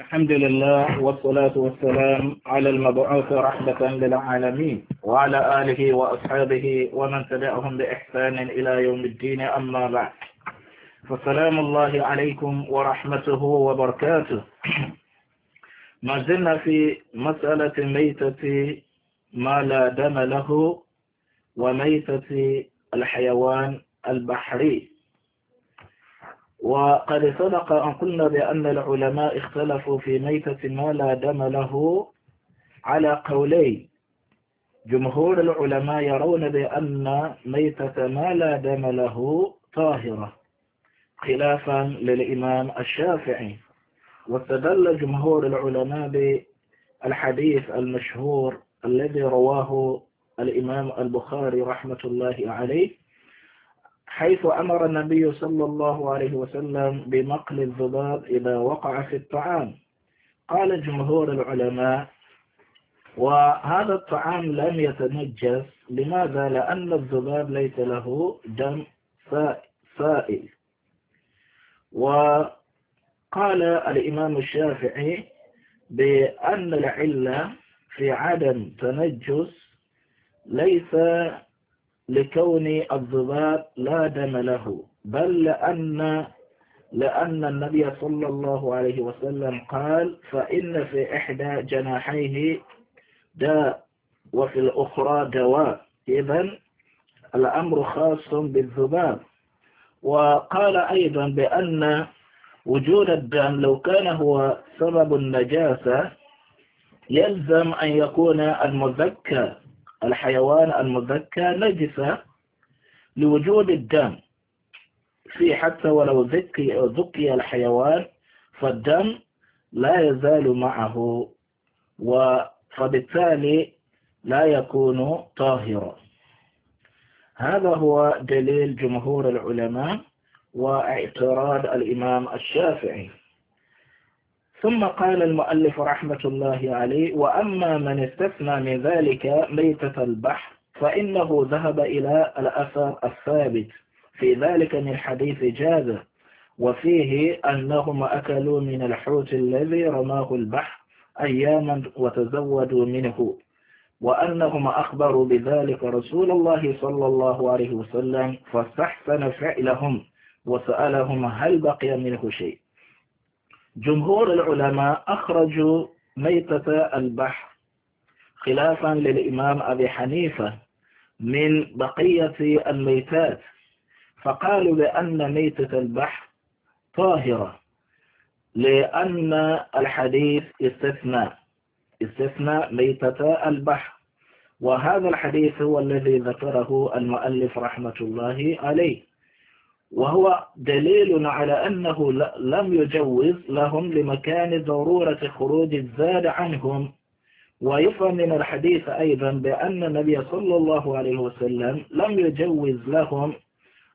الحمد لله والصلاة والسلام على المبعوث رحمة للعالمين وعلى آله وأصحابه ومن تبعهم بإحسان إلى يوم الدين أما بعد فسلام الله عليكم ورحمته وبركاته ما زلنا في مسألة ميتة ما لا دم له وميتة الحيوان البحري وقد سبق أن قلنا بأن العلماء اختلفوا في ميتة ما لا دم له على قولين جمهور العلماء يرون بأن ميتة ما لا دم له طاهرة خلافا للإمام الشافعي واستدل جمهور العلماء بالحديث المشهور الذي رواه الإمام البخاري رحمة الله عليه حيث أمر النبي صلى الله عليه وسلم بنقل الذباب إذا وقع في الطعام قال جمهور العلماء وهذا الطعام لم يتنجس لماذا؟ لأن الذباب ليس له دم سائل وقال الإمام الشافعي بأن العلة في عدم تنجس ليس لكون الذباب لا دم له بل لأن لأن النبي صلى الله عليه وسلم قال فإن في إحدى جناحيه داء وفي الأخرى دواء إذا الأمر خاص بالذباب وقال أيضا بأن وجود الدم لو كان هو سبب النجاسة يلزم أن يكون المذكر الحيوان المذكى نجسة لوجود الدم في حتى ولو ذكي, ذكي الحيوان فالدم لا يزال معه فبالتالي لا يكون طاهرا هذا هو دليل جمهور العلماء واعتراض الإمام الشافعي ثم قال المؤلف رحمة الله عليه وأما من استثنى من ذلك ميتة البحر فإنه ذهب إلى الأثر الثابت في ذلك من حديث جاذة وفيه أنهم أكلوا من الحوت الذي رماه البحر أياما وتزودوا منه وأنهم أخبروا بذلك رسول الله صلى الله عليه وسلم فاستحسن فعلهم وسألهم هل بقي منه شيء جمهور العلماء أخرجوا ميتة البحر خلافا للإمام أبي حنيفة من بقية الميتات فقالوا بأن ميتة البحر طاهرة لأن الحديث استثناء استثناء ميتة البحر وهذا الحديث هو الذي ذكره المؤلف رحمة الله عليه وهو دليل على أنه لم يجوز لهم لمكان ضرورة خروج الزاد عنهم ويفهم من الحديث أيضا بأن النبي صلى الله عليه وسلم لم يجوز لهم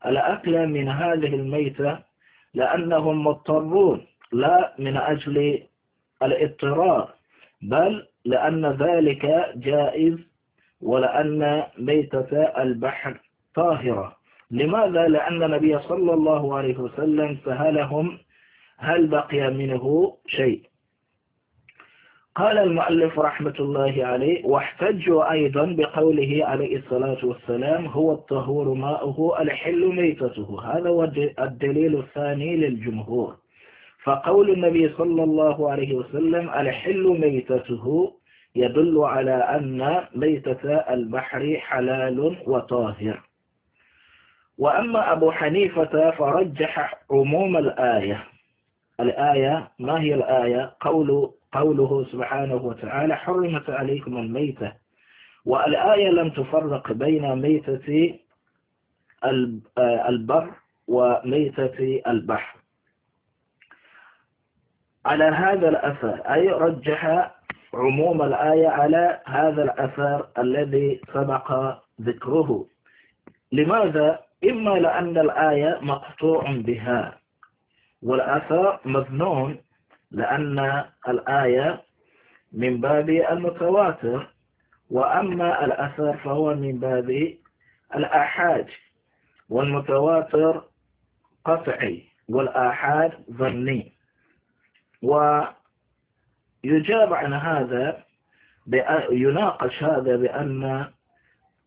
الأكل من هذه الميتة لأنهم مضطرون لا من أجل الاضطرار بل لأن ذلك جائز ولأن ميتة البحر طاهرة لماذا؟ لأن النبي صلى الله عليه وسلم سهلهم هل بقي منه شيء قال المؤلف رحمة الله عليه واحتجوا أيضا بقوله عليه الصلاة والسلام هو الطهور ماؤه الحل ميتته هذا هو الدليل الثاني للجمهور فقول النبي صلى الله عليه وسلم الحل ميتته يدل على أن ميتة البحر حلال وطاهر وأما أبو حنيفة فرجح عموم الآية الآية ما هي الآية قول قوله سبحانه وتعالى حرمت عليكم الميتة والآية لم تفرق بين ميتة البر وميتة البحر على هذا الأثر أي رجح عموم الآية على هذا الأثر الذي سبق ذكره لماذا؟ إما لأن الآية مقطوع بها والأثر مظنون لأن الآية من باب المتواتر وأما الأثر فهو من باب الآحاد والمتواتر قطعي والآحاد ظني ويجاب عن هذا يناقش هذا بأن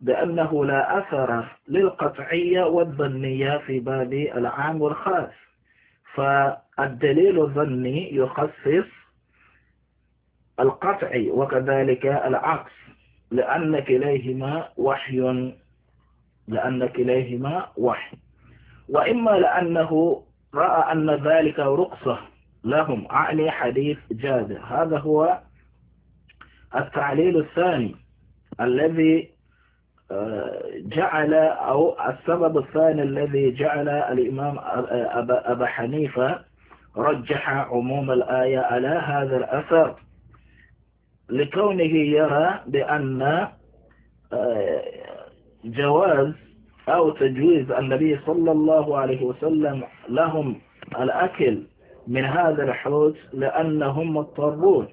بأنه لا أثر للقطعية والظنية في باب العام والخاص فالدليل الظني يخصص القطعي وكذلك العكس لأن كليهما وحي لأن كليهما وحي وإما لأنه رأى أن ذلك رقصة لهم أعني حديث جابر هذا هو التعليل الثاني الذي جعل أو السبب الثاني الذي جعل الإمام أبا حنيفة رجح عموم الآية على هذا الأثر لكونه يرى بأن آه، جواز أو تجويز النبي صلى الله عليه وسلم لهم الأكل من هذا الحوت لأنهم مضطرون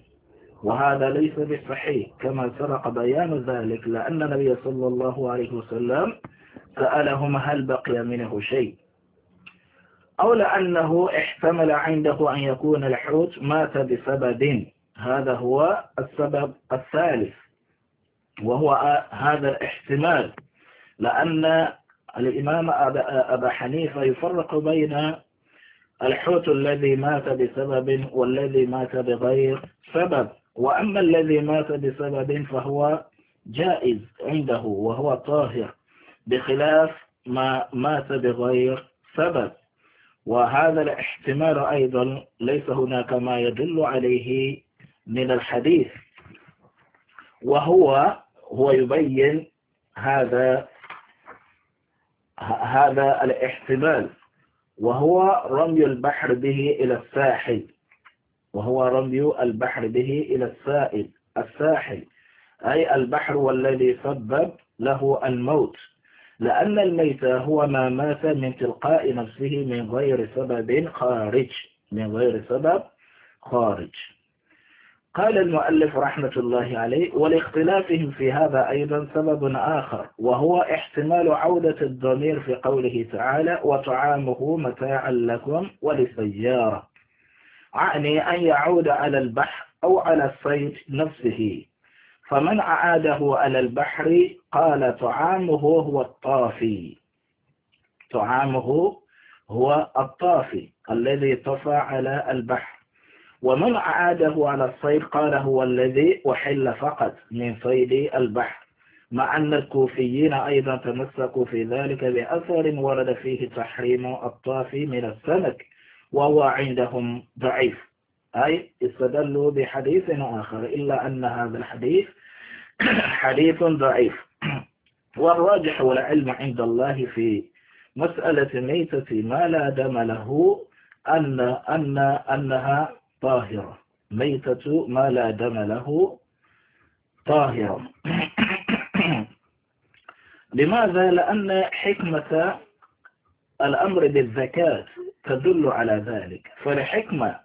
وهذا ليس بصحيح كما سرق بيان ذلك لأن النبي صلى الله عليه وسلم سألهم هل بقي منه شيء أو لأنه احتمل عنده أن يكون الحوت مات بسبب هذا هو السبب الثالث وهو هذا الاحتمال لأن الإمام أبا حنيفة يفرق بين الحوت الذي مات بسبب والذي مات بغير سبب وأما الذي مات بسبب فهو جائز عنده وهو طاهر بخلاف ما مات بغير سبب وهذا الاحتمال أيضا ليس هناك ما يدل عليه من الحديث وهو هو يبين هذا هذا الاحتمال وهو رمي البحر به إلى الساحل وهو رمي البحر به إلى السائل الساحل أي البحر والذي سبب له الموت لأن الميت هو ما مات من تلقاء نفسه من غير سبب خارج من غير سبب خارج قال المؤلف رحمة الله عليه ولاختلافهم في هذا أيضا سبب آخر وهو احتمال عودة الضمير في قوله تعالى وطعامه متاعا لكم ولسيارة أعني أن يعود على البحر أو على الصيد نفسه فمن أعاده على البحر قال طعامه هو الطافي طعامه هو الطافي الذي طفى على البحر ومن أعاده على الصيد قال هو الذي أحل فقط من صيد البحر مع أن الكوفيين أيضا تمسكوا في ذلك بأثر ورد فيه تحريم الطافي من السمك وهو عندهم ضعيف أي استدلوا بحديث آخر إلا أن هذا الحديث حديث ضعيف والراجح والعلم عند الله في مسألة ميتة ما لا دم له أن أن أنها طاهرة ميتة ما لا دم له طاهرة لماذا؟ لأن حكمة الأمر بالزكاة تدل على ذلك فالحكمة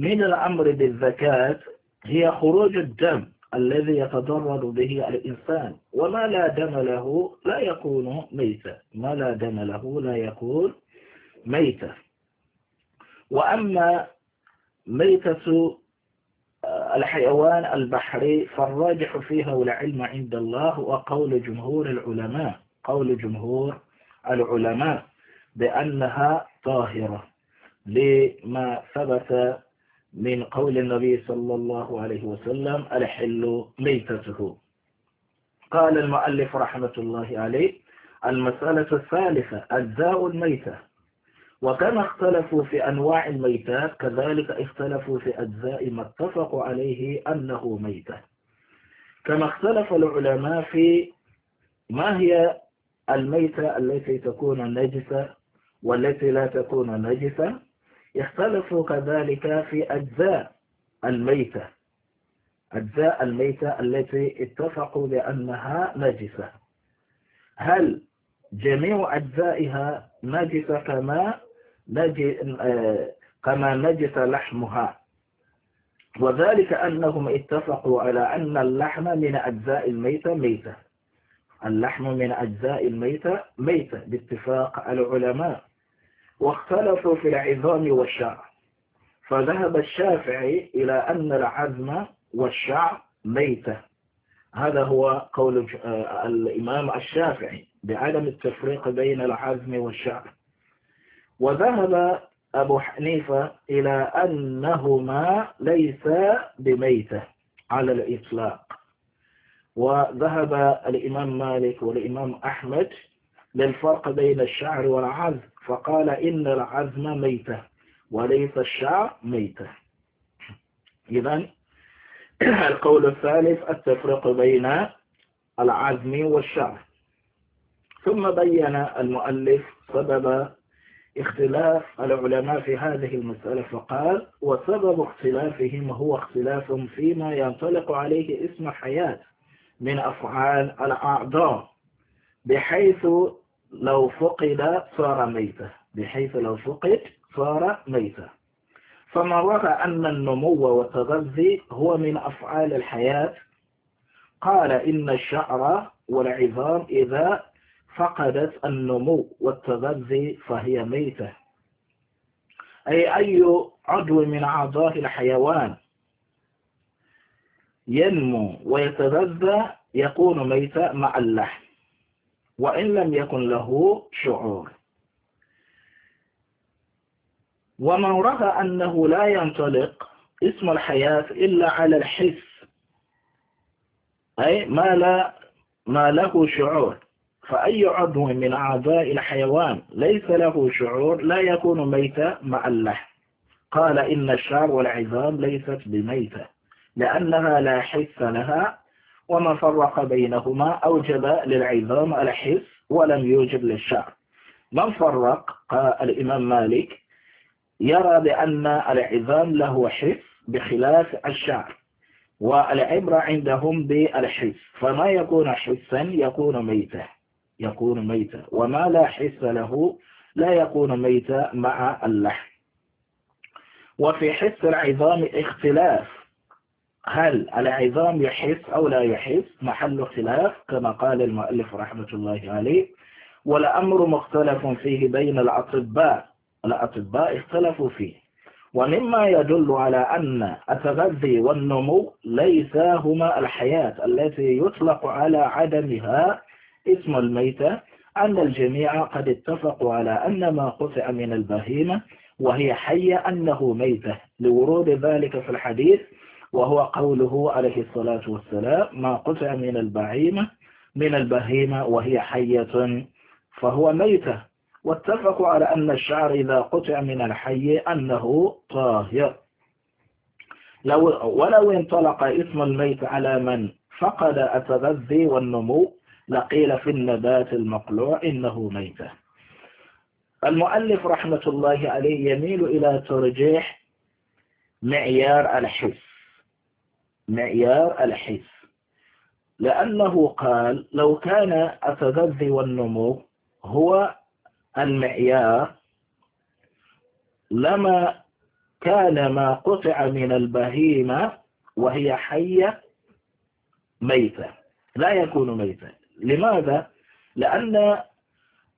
من الأمر بالزكاة هي خروج الدم الذي يتضرر به الإنسان وما لا دم له لا يكون ميتا ما لا دم له لا يكون ميتا وأما ميتة آه، الحيوان البحري فالراجح فيها والعلم عند الله وقول جمهور العلماء قول جمهور العلماء بأنها طاهرة لما ثبت من قول النبي صلى الله عليه وسلم الحل ميتته قال المؤلف رحمة الله عليه المسألة الثالثة أجزاء الميتة وكما اختلفوا في أنواع الميتات كذلك اختلفوا في أجزاء ما اتفقوا عليه أنه ميتة كما اختلف العلماء في ما هي الميتة التي تكون نجسة والتي لا تكون نجسة يختلف كذلك في أجزاء الميتة أجزاء الميتة التي اتفقوا بأنها نجسة هل جميع أجزائها نجسة كما نجي كما نجس لحمها وذلك أنهم اتفقوا على أن اللحم من أجزاء الميتة ميتة اللحم من أجزاء الميتة ميتة باتفاق العلماء واختلفوا في العظام والشعر فذهب الشافعي إلى أن العظم والشعر ميتة هذا هو قول آه، الإمام الشافعي بعدم التفريق بين العظم والشعر وذهب أبو حنيفة إلى أنهما ليس بميتة على الإطلاق وذهب الإمام مالك والإمام أحمد للفرق بين الشعر والعظم فقال إن العزم ميتة وليس الشعر ميتة إذا القول الثالث التفرق بين العزم والشعر ثم بين المؤلف سبب اختلاف العلماء في هذه المسألة فقال وسبب اختلافهم هو اختلاف فيما ينطلق عليه اسم حياة من أفعال الأعضاء بحيث لو فقد صار ميتة بحيث لو فقد صار ميتة فما رأى أن النمو والتغذي هو من أفعال الحياة قال إن الشعر والعظام إذا فقدت النمو والتغذي فهي ميتة أي أي عضو من أعضاء الحيوان ينمو ويتغذى يكون ميتا مع اللحم وإن لم يكن له شعور ومن رأى أنه لا ينطلق اسم الحياة إلا على الحس أي ما, لا ما له شعور فأي عضو من أعضاء الحيوان ليس له شعور لا يكون ميتا مع اللحم قال إن الشعر والعظام ليست بميتة لأنها لا حس لها وما فرق بينهما أوجب للعظام الحس ولم يوجب للشعر من فرق قال الإمام مالك يرى بأن العظام له حس بخلاف الشعر والعبرة عندهم بالحس فما يكون حسا يكون ميتا يكون ميتا وما لا حس له لا يكون ميتا مع اللحم وفي حس العظام اختلاف هل العظام يحس أو لا يحس محل خلاف كما قال المؤلف رحمة الله عليه والأمر مختلف فيه بين الأطباء الأطباء اختلفوا فيه ومما يدل على أن التغذي والنمو ليس هما الحياة التي يطلق على عدمها اسم الميتة أن الجميع قد اتفقوا على أن ما قطع من البهيمة وهي حية أنه ميتة لورود ذلك في الحديث وهو قوله عليه الصلاة والسلام ما قطع من البعيمة من البهيمة وهي حية فهو ميتة واتفقوا على أن الشعر إذا قطع من الحي أنه طاهر لو ولو انطلق اسم الميت على من فقد التغذي والنمو لقيل في النبات المقلوع إنه ميتة المؤلف رحمة الله عليه يميل إلى ترجيح معيار الحس معيار الحس لأنه قال لو كان التغذي والنمو هو المعيار لما كان ما قطع من البهيمة وهي حية ميتة لا يكون ميتا لماذا؟ لأن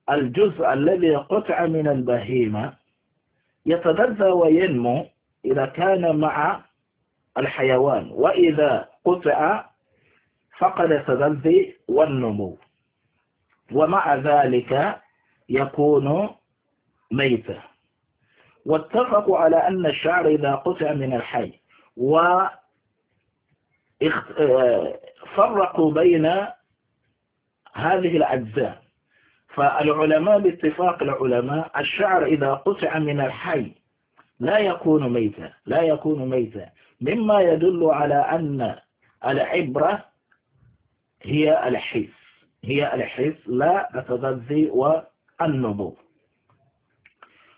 الجزء الذي قطع من البهيمة يتغذى وينمو إذا كان مع الحيوان وإذا قطع فقد التغذي والنمو ومع ذلك يكون ميتا واتفقوا على أن الشعر إذا قطع من الحي وفرقوا آه، بين هذه الأجزاء فالعلماء باتفاق العلماء الشعر إذا قطع من الحي لا يكون ميتا لا يكون ميتا مما يدل على أن العبرة هي الحس هي الحس لا التغذي والنبوغ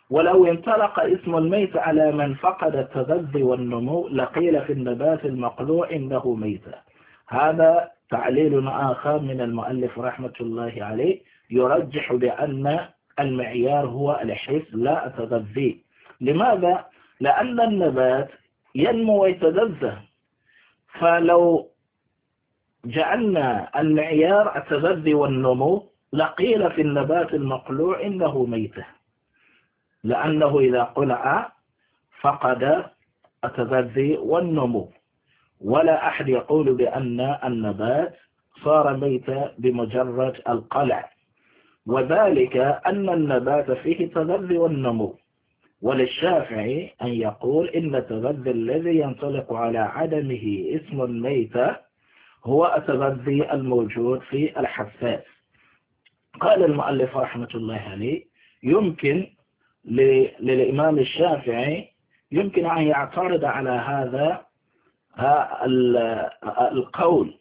ولو انطلق اسم الميت على من فقد التغذي والنمو لقيل في النبات المقلوع إنه ميت هذا تعليل آخر من المؤلف رحمة الله عليه يرجح بأن المعيار هو الحس لا التغذي لماذا؟ لأن النبات ينمو ويتغذى فلو جعلنا المعيار التغذي والنمو لقيل في النبات المقلوع إنه ميتة لأنه إذا قلع فقد التغذي والنمو ولا أحد يقول بأن النبات صار ميتا بمجرد القلع وذلك أن النبات فيه التغذي والنمو وللشافعي أن يقول إن التغذي الذي ينطلق على عدمه اسم الميت هو التغذي الموجود في الحساس قال المؤلف رحمة الله عليه يمكن للإمام الشافعي يمكن أن يعترض على هذا القول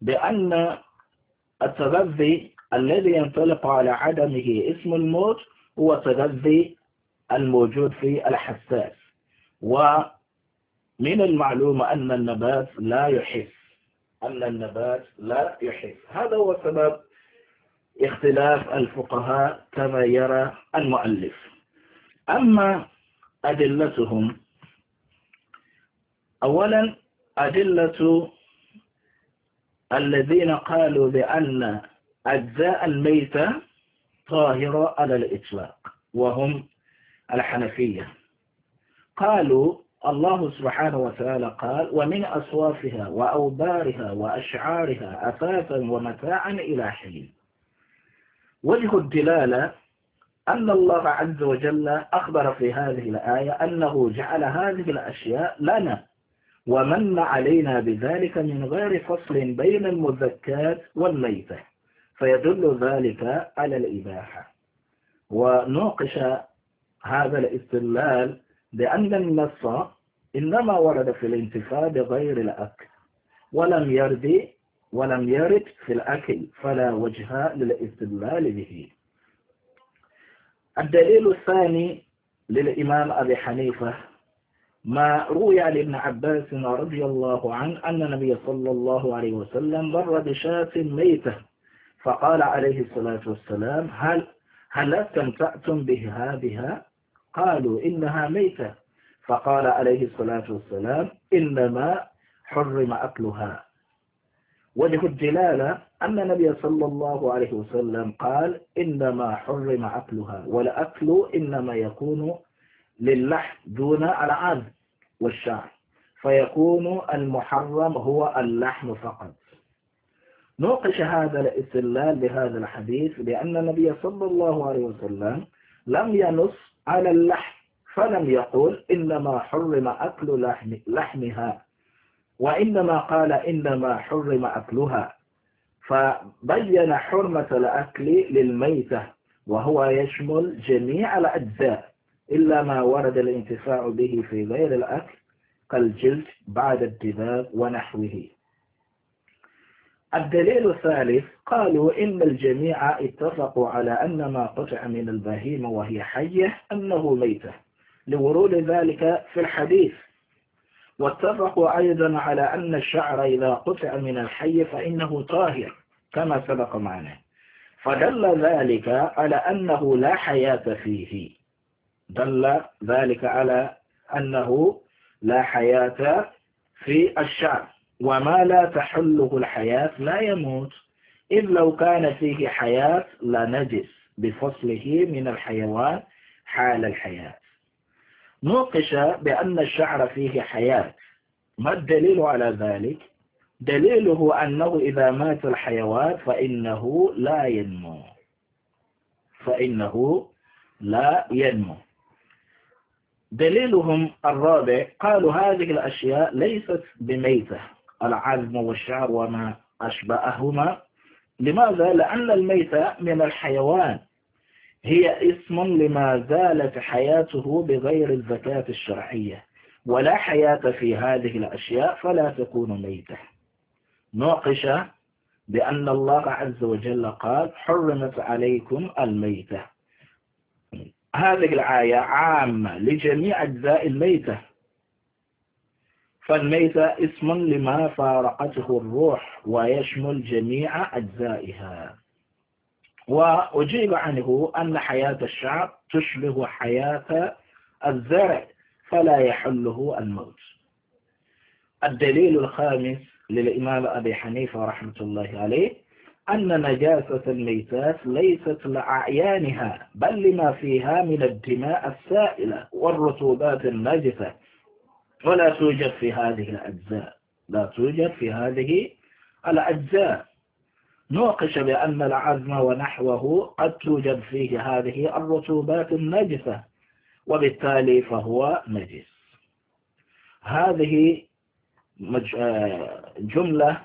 بأن التغذي الذي ينطلق على عدمه اسم الموت هو تغذي الموجود في الحساس ومن المعلوم أن النبات لا يحس أن النبات لا يحس هذا هو سبب اختلاف الفقهاء كما يرى المؤلف أما أدلتهم أولا أدلة الذين قالوا بأن أجزاء الميتة طاهرة على الإطلاق وهم الحنفية قالوا الله سبحانه وتعالى قال ومن أصوافها وأوبارها وأشعارها أثاثا ومتاعا إلى حين وجه الدلالة أن الله عز وجل أخبر في هذه الآية أنه جعل هذه الأشياء لنا ومن علينا بذلك من غير فصل بين المذكات والميتة فيدل ذلك على الإباحة ونوقش هذا الاستدلال لأن النص إنما ورد في الانتفاع بغير الأكل ولم يرد ولم يرد في الأكل فلا وجه للاستدلال به الدليل الثاني للإمام أبي حنيفة ما روي لابن عباس رضي الله عنه أن النبي صلى الله عليه وسلم مر بشاة ميتة فقال عليه الصلاة والسلام هل هل استمتعتم بها بها قالوا إنها ميتة فقال عليه الصلاة والسلام إنما حرم أكلها وجه الدلالة أن النبي صلى الله عليه وسلم قال إنما حرم أكلها والأكل إنما يكون للحم دون العظم والشعر فيكون المحرم هو اللحم فقط نوقش هذا الاستدلال بهذا الحديث لأن النبي صلى الله عليه وسلم لم ينص على اللحم فلم يقول إنما حرم أكل لحم لحمها وإنما قال إنما حرم أكلها فبين حرمة الأكل للميتة وهو يشمل جميع الأجزاء إلا ما ورد الانتفاع به في غير الأكل كالجلد بعد الدباب ونحوه الدليل الثالث قالوا إن الجميع اتفقوا على أن ما قطع من البهيمة وهي حية أنه ميتة لورود ذلك في الحديث واتفقوا أيضا على أن الشعر إذا قطع من الحي فإنه طاهر كما سبق معنا فدل ذلك على أنه لا حياة فيه دل ذلك على أنه لا حياة في الشعر وما لا تحله الحياة لا يموت إذ لو كان فيه حياة لنجس بفصله من الحيوان حال الحياة نوقش بأن الشعر فيه حياة ما الدليل على ذلك؟ دليله أنه إذا مات الحيوان فإنه لا ينمو فإنه لا ينمو دليلهم الرابع قالوا هذه الأشياء ليست بميتة العلم والشعر وما أشبههما لماذا؟ لأن الميتة من الحيوان هي اسم لما زالت حياته بغير الزكاة الشرعية ولا حياة في هذه الأشياء فلا تكون ميتة نوقش بأن الله عز وجل قال حرمت عليكم الميتة هذه الآية عامة لجميع أجزاء الميتة فالميت اسم لما فارقته الروح ويشمل جميع أجزائها وأجيب عنه أن حياة الشعب تشبه حياة الزرع فلا يحله الموت الدليل الخامس للإمام أبي حنيفة رحمة الله عليه أن نجاسة الميتات ليست لأعيانها بل لما فيها من الدماء السائلة والرطوبات النجسة ولا توجد في هذه الأجزاء لا توجد في هذه الأجزاء نوقش بأن العزم ونحوه قد توجد فيه هذه الرطوبات النجسة وبالتالي فهو نجس هذه آه، جملة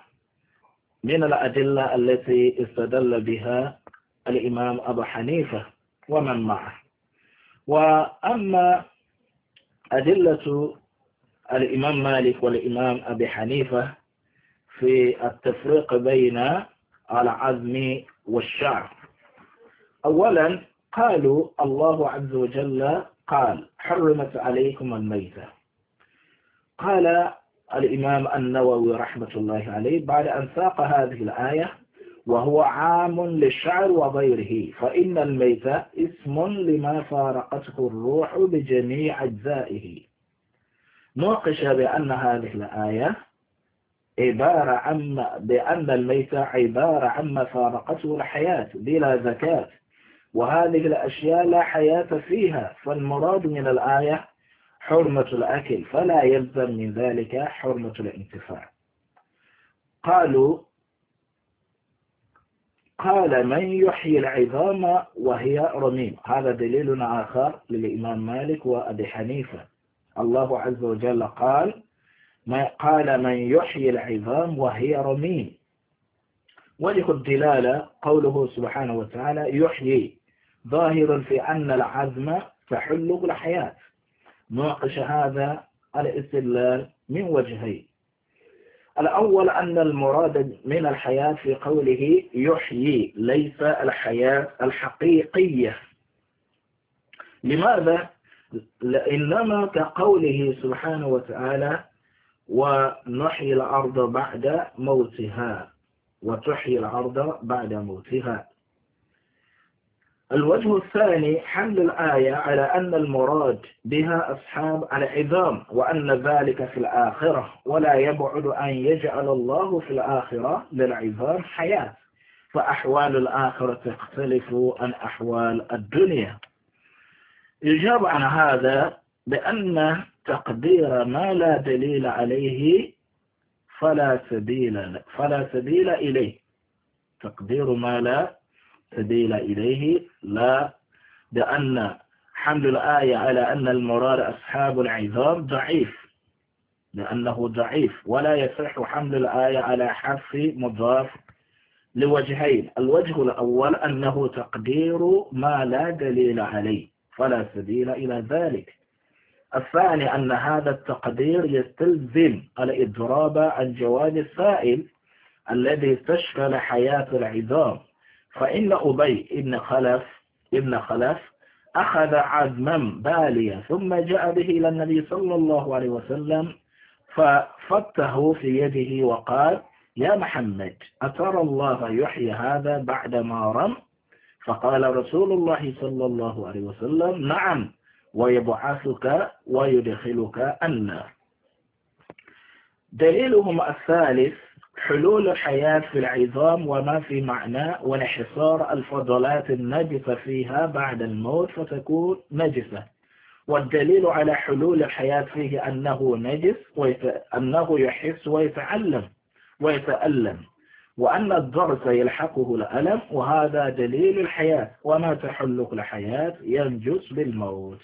من الأدلة التي استدل بها الإمام أبو حنيفة ومن معه وأما أدلة الإمام مالك والإمام أبي حنيفة في التفريق بين العزم والشعر أولا قالوا الله عز وجل قال حرمت عليكم الميتة قال الإمام النووي رحمة الله عليه بعد أن ساق هذه الآية وهو عام للشعر وغيره فإن الميتة اسم لما فارقته الروح بجميع أجزائه نوقش بأن هذه الآية عبارة عن بأن الميت عبارة عما فارقته الحياة بلا زكاة وهذه الأشياء لا حياة فيها فالمراد من الآية حرمة الأكل فلا يلزم من ذلك حرمة الانتفاع قالوا قال من يحيي العظام وهي رميم هذا دليل آخر للإمام مالك وأبي حنيفة الله عز وجل قال ما قال من يحيي العظام وهي رميم وجه الدلالة قوله سبحانه وتعالى يحيي ظاهر في أن العزم تحلق الحياة نوقش هذا الاستدلال من وجهين الأول أن المراد من الحياة في قوله يحيي ليس الحياة الحقيقية لماذا؟ لإنما كقوله سبحانه وتعالى ونحيي الأرض بعد موتها وتحيي الأرض بعد موتها الوجه الثاني حمل الآية على أن المراد بها أصحاب العظام وأن ذلك في الآخرة ولا يبعد أن يجعل الله في الآخرة للعظام حياة فأحوال الآخرة تختلف عن أحوال الدنيا يجاب عن هذا بأن تقدير ما لا دليل عليه فلا سبيل فلا سبيل إليه تقدير ما لا سبيل إليه لا بأن حمل الآية على أن المراد أصحاب العظام ضعيف لأنه ضعيف ولا يصح حمل الآية على حرف مضاف لوجهين الوجه الأول أنه تقدير ما لا دليل عليه فلا سبيل إلى ذلك الثاني أن هذا التقدير يستلزم الإضراب عن جواب السائل الذي تشكل حياة العظام فإن أبي ابن خلف ابن خلف أخذ عزما باليا ثم جاء به إلى النبي صلى الله عليه وسلم ففته في يده وقال يا محمد أترى الله يحيي هذا بعد ما رم فقال رسول الله صلى الله عليه وسلم نعم ويبعثك ويدخلك النار دليلهم الثالث حلول الحياة في العظام وما في معنى وانحصار الفضلات النجسة فيها بعد الموت فتكون نجسة والدليل على حلول الحياة فيه أنه نجس وأنه أنه يحس ويتعلم ويتألم وأن الضرس يلحقه الألم وهذا دليل الحياة وما تحلق الحياة ينجس بالموت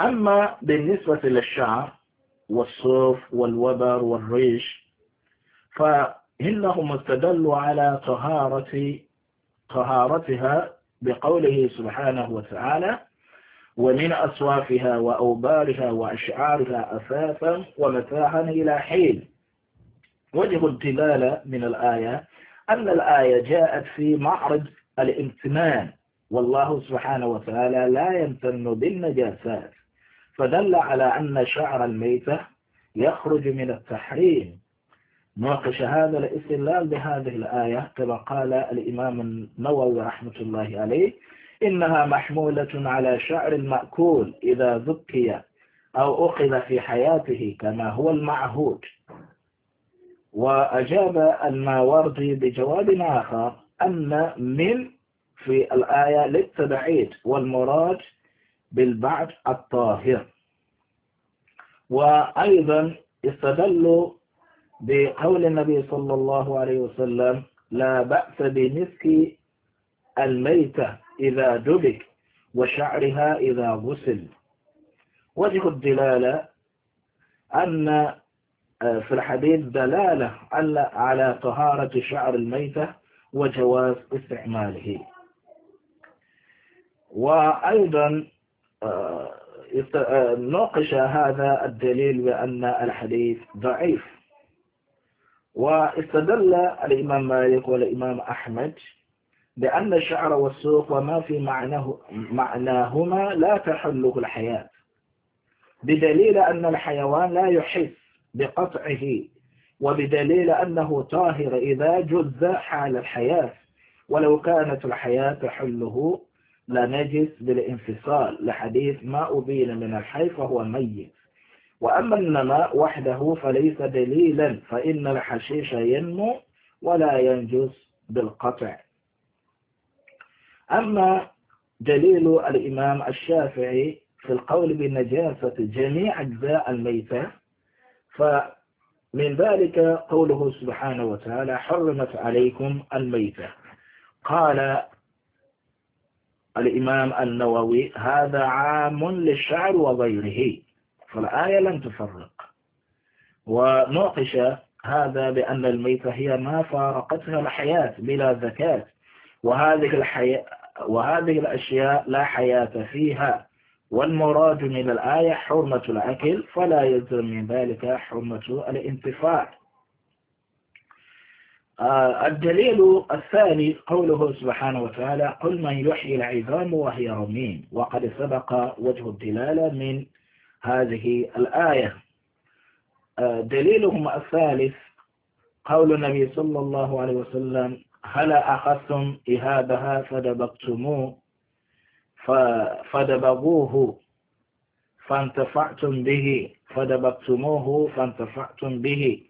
أما بالنسبة للشعر والصوف والوبر والريش فإنهم استدلوا على طهارة طهارتها بقوله سبحانه وتعالى ومن أصوافها وأوبارها وأشعارها أثاثا ومتاعا إلى حين وجه الدلالة من الآية أن الآية جاءت في معرض الامتنان والله سبحانه وتعالى لا يمتن بالنجاسات فدل على أن شعر الميتة يخرج من التحريم ناقش هذا الاستدلال بهذه الآية كما قال الإمام النووي رحمة الله عليه إنها محمولة على شعر المأكول إذا ذكي أو أخذ في حياته كما هو المعهود وأجاب الماوردي بجواب آخر أن من في الآية للتبعيد والمراد بالبعد الطاهر وأيضا استدلوا بقول النبي صلى الله عليه وسلم لا بأس بمسك الميتة إذا دبك وشعرها إذا غسل وجه الدلالة أن آه، في الحديث دلالة على طهارة شعر الميتة وجواز استعماله وأيضا آه، آه، ناقش هذا الدليل بأن الحديث ضعيف واستدل الإمام مالك والإمام أحمد بأن الشعر والسوق وما في معناه معناهما لا تحله الحياة بدليل أن الحيوان لا يحس بقطعه وبدليل أنه طاهر إذا جز حال الحياة ولو كانت الحياة حله لنجس بالانفصال لحديث ما أبين من الحي فهو ميت وأما النماء وحده فليس دليلا فإن الحشيش ينمو ولا ينجس بالقطع أما دليل الإمام الشافعي في القول بنجاسة جميع أجزاء الميتة فمن ذلك قوله سبحانه وتعالى حرمت عليكم الميتة قال الإمام النووي هذا عام للشعر وغيره فالآية لم تفرق ونوقش هذا بأن الميتة هي ما فارقتها الحياة بلا زكاة وهذه, الحياة وهذه الأشياء لا حياة فيها والمراد من الآية حرمة الأكل فلا يلزم من ذلك حرمة الانتفاع آه، الدليل الثاني قوله سبحانه وتعالى قل من يحيي العظام وهي رميم وقد سبق وجه الدلالة من هذه الآية آه، دليلهم الثالث قول النبي صلى الله عليه وسلم هل أخذتم إهابها فدبقتموه فدبغوه فانتفعتم به فدبغتموه فانتفعتم به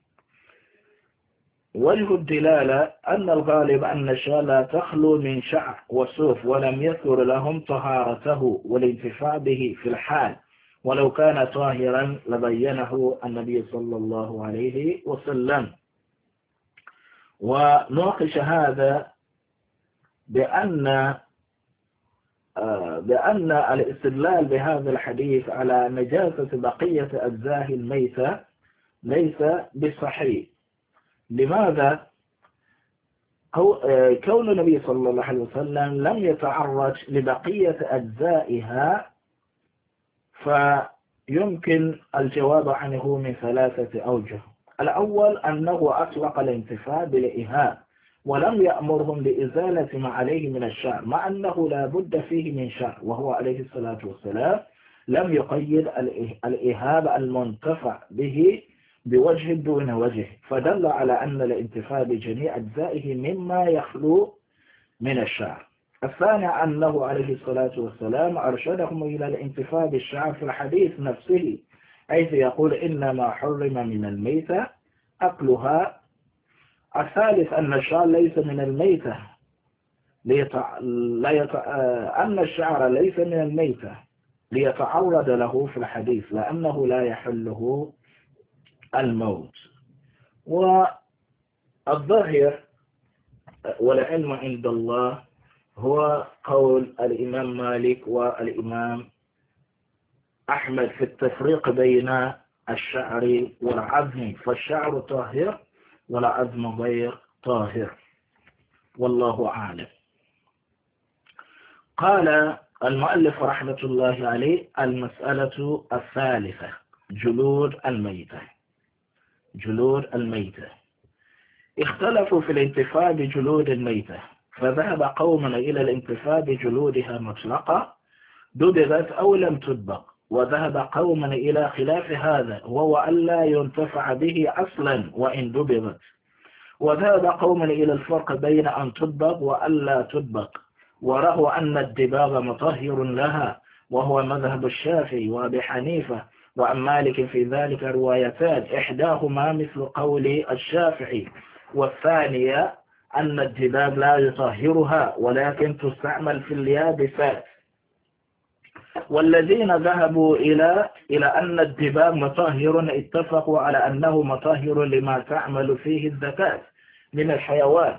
وجه الدلالة أن الغالب أن الشاة لا تخلو من شعر وصوف ولم يذكر لهم طهارته والانتفاع به في الحال ولو كان طاهرا لبينه النبي صلى الله عليه وسلم ونوقش هذا بأن بأن آه، الاستدلال بهذا الحديث على نجاسة بقية أجزاء الميتة ليس بالصحيح لماذا؟ آه، كون النبي صلى الله عليه وسلم لم يتعرج لبقية أجزائها فيمكن الجواب عنه من ثلاثة أوجه الأول أنه أطلق الانتفاع بالإهاب ولم يأمرهم لإزالة ما عليه من الشعر مع أنه لا بد فيه من شعر وهو عليه الصلاة والسلام لم يقيد الإهاب المنتفع به بوجه دون وجه فدل على أن الانتفاع بجميع أجزائه مما يخلو من الشعر الثاني أنه عليه الصلاة والسلام أرشدهم إلى الانتفاع بالشعر في الحديث نفسه حيث يقول إنما حرم من الميتة أكلها الثالث أن الشعر ليس من الميتة ليتع... ليت... آه، أن الشعر ليس من الميتة ليتعرض له في الحديث لأنه لا يحله الموت والظاهر والعلم عند الله هو قول الإمام مالك والإمام أحمد في التفريق بين الشعر والعظم فالشعر طاهر ولا عظم غير طاهر والله أعلم قال المؤلف رحمة الله عليه المسألة الثالثة جلود الميتة جلود الميتة اختلفوا في الانتفاع بجلود الميتة فذهب قومنا إلى الانتفاع بجلودها مطلقة دبغت أو لم تدبق وذهب قوما إلى خلاف هذا وهو ألا ينتفع به أصلا وإن دبغت وذهب قوما إلى الفرق بين أن تدبغ وألا تدبغ ورأوا أن الدباغ مطهر لها وهو مذهب الشافعي وأبي حنيفة وعن مالك في ذلك روايتان إحداهما مثل قول الشافعي والثانية أن الدباب لا يطهرها ولكن تستعمل في اليابسات والذين ذهبوا إلى إلى أن الدباغ مطهر اتفقوا على أنه مطهر لما تعمل فيه الذكاء من الحيوان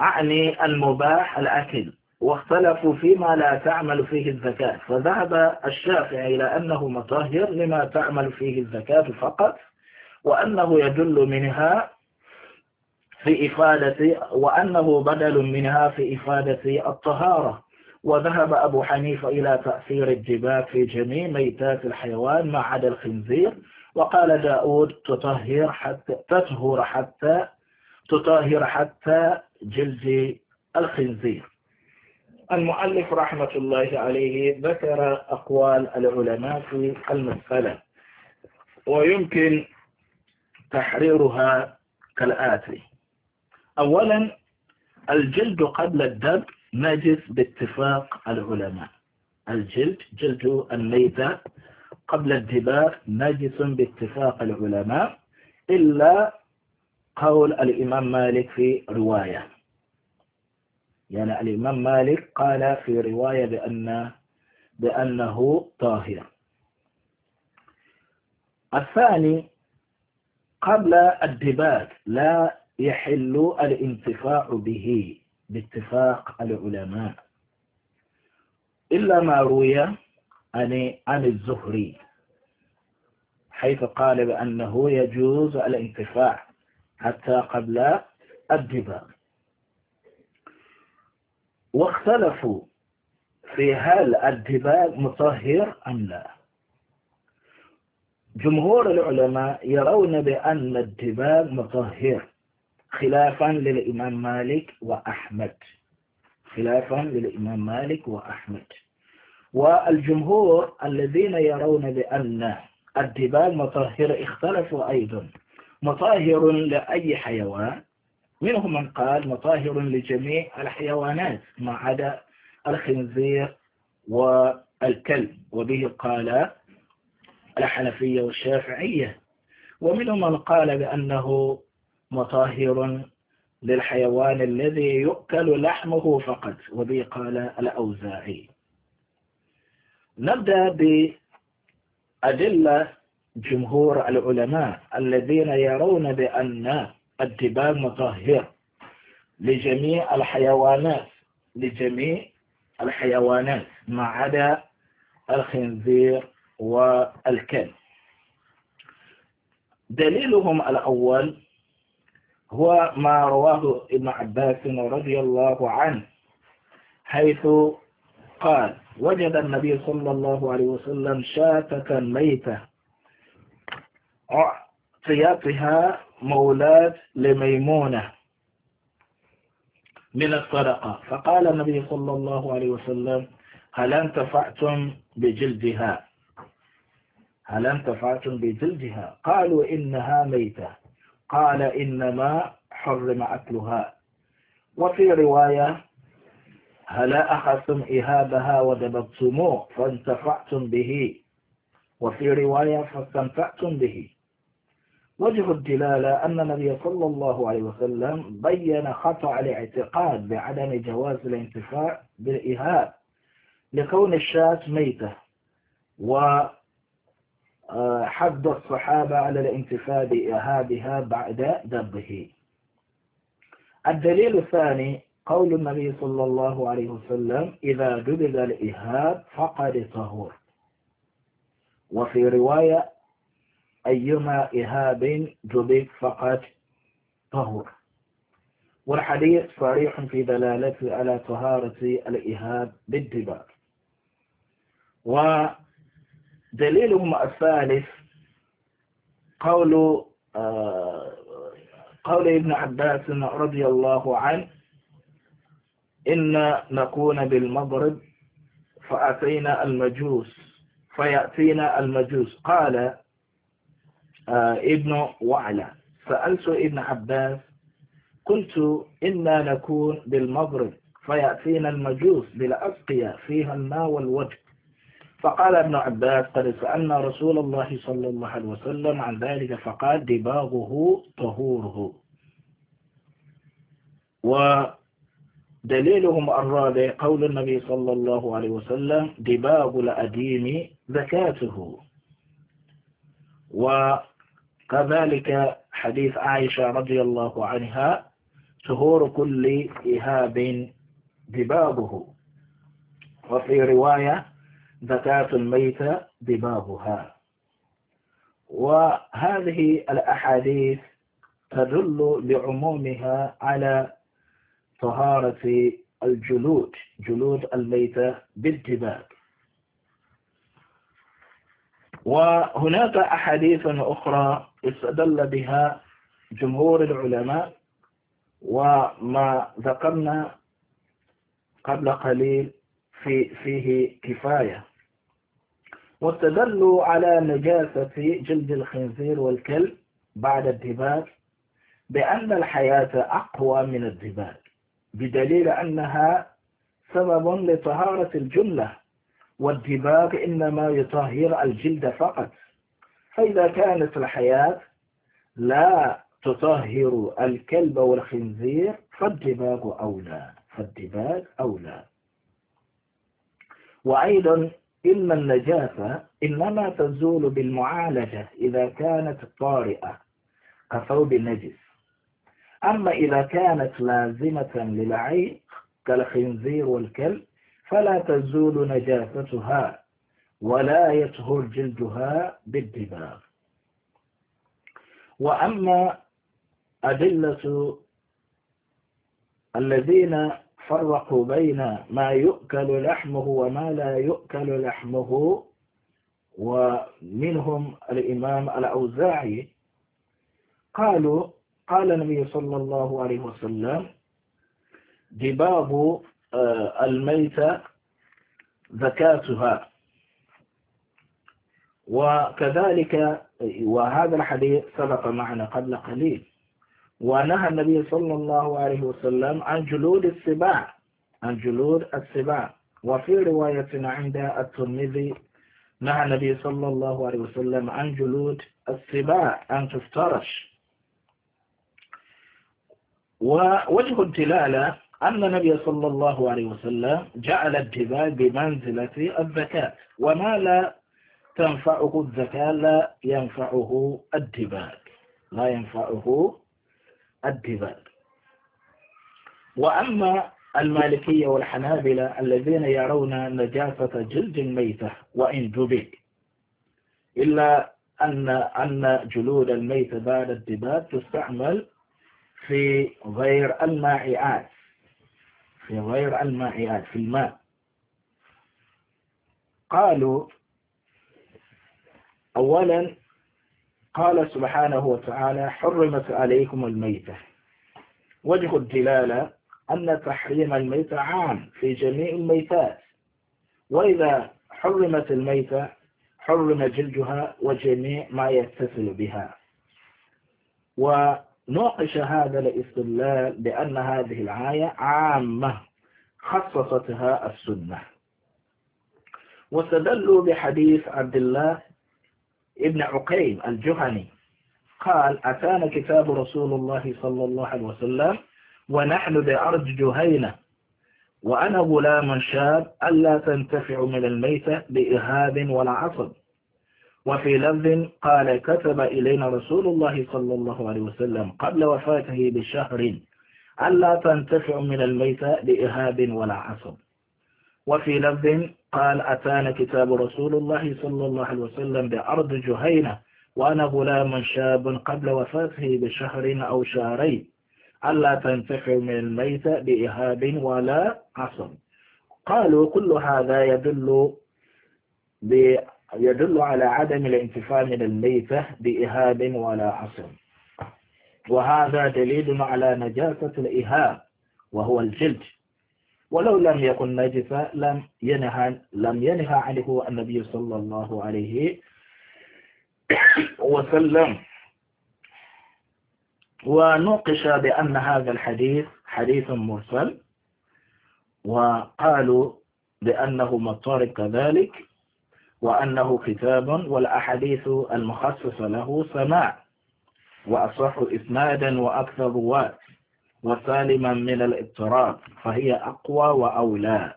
أعني المباح الأكل واختلفوا فيما لا تعمل فيه الذكاء فذهب الشافعي إلى أنه مطهر لما تعمل فيه الذكاء فقط وأنه يدل منها في إفادة وأنه بدل منها في إفادة الطهارة وذهب أبو حنيفة إلى تأثير الجباب في جميع ميتات الحيوان ما عدا الخنزير وقال داود تطهر حتى تطهر حتى تطهر حتى جلد الخنزير المؤلف رحمة الله عليه ذكر أقوال العلماء في المسألة ويمكن تحريرها كالآتي أولا الجلد قبل الدب نجس باتفاق العلماء الجلد جلد الميتة قبل الدباغ نجس باتفاق العلماء إلا قول الإمام مالك في رواية يعني الإمام مالك قال في رواية بأن بأنه طاهر الثاني قبل الدباغ لا يحل الانتفاع به باتفاق العلماء إلا ما روي عن عن الزهري حيث قال بأنه يجوز الانتفاع حتى قبل الدباغ واختلفوا في هل الدباغ مطهر أم لا جمهور العلماء يرون بأن الدباغ مطهر خلافا للإمام مالك وأحمد خلافا للإمام مالك وأحمد والجمهور الذين يرون بأن الدباغ مطهر اختلفوا أيضا مطاهر لأي حيوان منهم من قال مطاهر لجميع الحيوانات ما عدا الخنزير والكلب وبه قال الحنفية والشافعية ومنهم من قال بأنه مطهر للحيوان الذي يؤكل لحمه فقط وبه قال الأوزاعي نبدأ بأدلة جمهور العلماء الذين يرون بأن الدباب مطهر لجميع الحيوانات لجميع الحيوانات ما عدا الخنزير والكلب دليلهم الأول هو ما رواه ابن عباس رضي الله عنه حيث قال وجد النبي صلى الله عليه وسلم شاتة ميتة أعطيتها مولاة لميمونة من الصدقة فقال النبي صلى الله عليه وسلم هل انتفعتم بجلدها هل انتفعتم بجلدها قالوا إنها ميتة قال إنما حرم أكلها وفي رواية هلا أخذتم إهابها ودببتموه فانتفعتم به وفي رواية فاستنفعتم به وجه الدلالة أن النبي صلى الله عليه وسلم بين خطأ الاعتقاد بعدم جواز الانتفاع بالإهاب لكون الشاة ميتة و آه، حد الصحابة على الانتفاء بإهابها بعد ذبه الدليل الثاني قول النبي صلى الله عليه وسلم إذا جبل الإهاب فقد طهور وفي رواية أيما إهاب جبل فقد طهور والحديث صريح في دلالته على طهارة الإهاب بالدبار و دليلهم الثالث قول آه، قول ابن عباس رضي الله عنه إن نكون بالمغرب فأتينا المجوس فيأتينا المجوس قال آه، ابن وعلى سألت ابن عباس قلت إنا نكون بالمغرب فيأتينا المجوس بالأسقية فيها الماء والوجه فقال ابن عباس قد سألنا رسول الله صلى الله عليه وسلم عن ذلك فقال دباغه طهوره ودليلهم الرابع قول النبي صلى الله عليه وسلم دباغ الأديم زكاته وكذلك حديث عائشة رضي الله عنها طهور كل إهاب دباغه وفي رواية زكاة الميتة دماغها وهذه الأحاديث تدل لعمومها على طهارة الجلود جلود الميتة بالدماغ وهناك أحاديث أخرى استدل بها جمهور العلماء وما ذكرنا قبل قليل في فيه كفاية واستدلوا على نجاسة جلد الخنزير والكلب بعد الدباغ بأن الحياة أقوى من الدباغ بدليل أنها سبب لطهارة الجملة والدباغ إنما يطهر الجلد فقط فإذا كانت الحياة لا تطهر الكلب والخنزير فالدباغ أولى فالدباغ أولى وأيضا إن النجاسة إنما تزول بالمعالجة إذا كانت طارئة كثوب النجس أما إذا كانت لازمة للعيق كالخنزير والكلب فلا تزول نجاستها ولا يطهر جلدها بالدماغ وأما أدلة الذين فرقوا بين ما يؤكل لحمه وما لا يؤكل لحمه ومنهم الإمام الأوزاعي قالوا قال النبي صلى الله عليه وسلم جباب آه، الميتة زكاتها وكذلك وهذا الحديث سبق معنا قبل قليل ونهى النبي صلى الله عليه وسلم عن جلود السباع عن جلود السباع وفي رواية عند الترمذي نهى النبي صلى الله عليه وسلم عن جلود السباع أن تفترش ووجه الدلالة أن النبي صلى الله عليه وسلم جعل الدباء بمنزلة الزكاة وما لا تنفعه الزكاة لا ينفعه الدباء لا ينفعه الديوان وأما المالكية والحنابلة الذين يرون نجاسة جلد الميتة وإن دبك إلا أن أن جلود الميتة بعد الدباب تستعمل في غير المائعات في غير المائعات في الماء قالوا أولا قال سبحانه وتعالى حرمت عليكم الميتة وجه الدلالة أن تحريم الميتة عام في جميع الميتات وإذا حرمت الميتة حرم جلدها وجميع ما يتصل بها ونوقش هذا الاستدلال بأن هذه الآية عامة خصصتها السنة واستدلوا بحديث عبد الله ابن عقيم الجهني قال أتانا كتاب رسول الله صلى الله عليه وسلم ونحن بأرض جهينة وأنا غلام شاب ألا تنتفع من الميتة بإهاب ولا عصب وفي لفظ قال كتب إلينا رسول الله صلى الله عليه وسلم قبل وفاته بشهر ألا تنتفع من الميتة بإهاب ولا عصب وفي لفظ قال أتانا كتاب رسول الله صلى الله عليه وسلم بأرض جهينة وأنا غلام شاب قبل وفاته بشهر أو شهرين ألا تنتفع من الميت بإهاب ولا عصم قالوا كل هذا يدل ب... يدل على عدم الانتفاع من الميتة بإهاب ولا عصم وهذا دليل على نجاسة الإهاب وهو الجلد ولو لم يكن نجسا لم ينهى لم ينهى عنه النبي صلى الله عليه وسلم ونوقش بأن هذا الحديث حديث مرسل وقالوا بأنه مطارق كذلك وأنه كتاب والأحاديث المخصصة له سماع وأصح إسنادا وأكثر رواه وسالما من الاضطراب فهي أقوى وأولى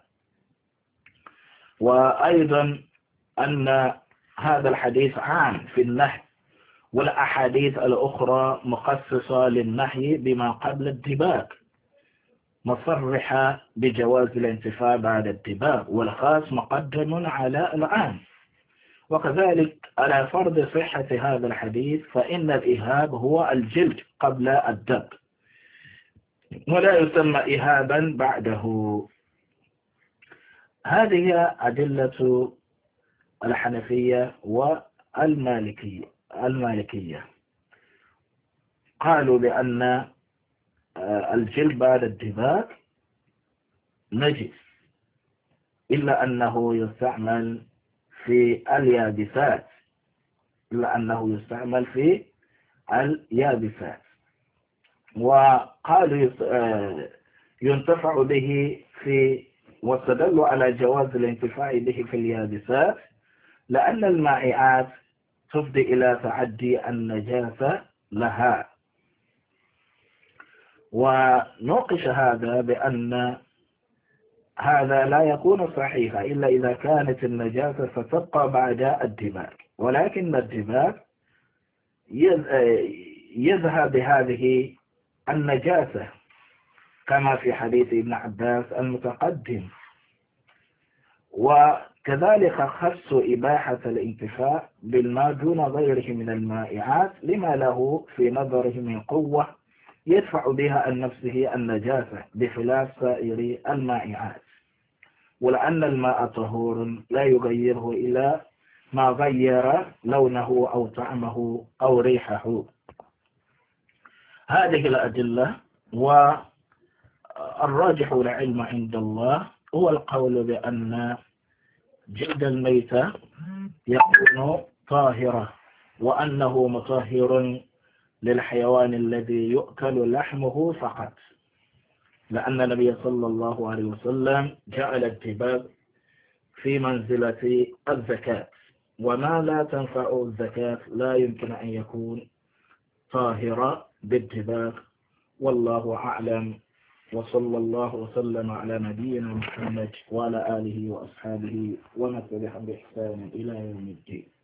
وأيضا أن هذا الحديث عام في النهي والأحاديث الأخرى مخصصة للنهي بما قبل الدباك مصرحة بجواز الانتفاع بعد الدباك والخاص مقدم على العام وكذلك على فرض صحة هذا الحديث فإن الإهاب هو الجلد قبل الدب ولا يسمى إهابا بعده هذه أدلة الحنفية والمالكية المالكية قالوا بأن آه، الجلد بعد الدباك نجس إلا أنه يستعمل في اليابسات إلا أنه يستعمل في اليابسات وقالوا آه، ينتفع به في واستدلوا على جواز الانتفاع به في اليابسات لأن المائعات تفضي إلى تعدي النجاسة لها ونوقش هذا بأن هذا لا يكون صحيحا إلا إذا كانت النجاسة ستبقى بعد الدماغ ولكن الدماغ آه، يذهب بهذه النجاسة كما في حديث ابن عباس المتقدم وكذلك خص إباحة الانتفاع بالماء دون غيره من المائعات لما له في نظره من قوة يدفع بها عن نفسه النجاسة بخلاف سائر المائعات ولأن الماء طهور لا يغيره إلا ما غير لونه أو طعمه أو ريحه هذه الأدلة والراجح العلم عند الله هو القول بأن جلد الميتة يكون طاهرة وأنه مطهر للحيوان الذي يؤكل لحمه فقط لأن النبي صلى الله عليه وسلم جعل الدباب في منزلة الزكاة وما لا تنفع الزكاة لا يمكن أن يكون طاهرا بالدماغ والله أعلم وصلى الله وسلم على نبينا محمد وعلى آله وأصحابه ومن تبعهم بإحسان إلى يوم الدين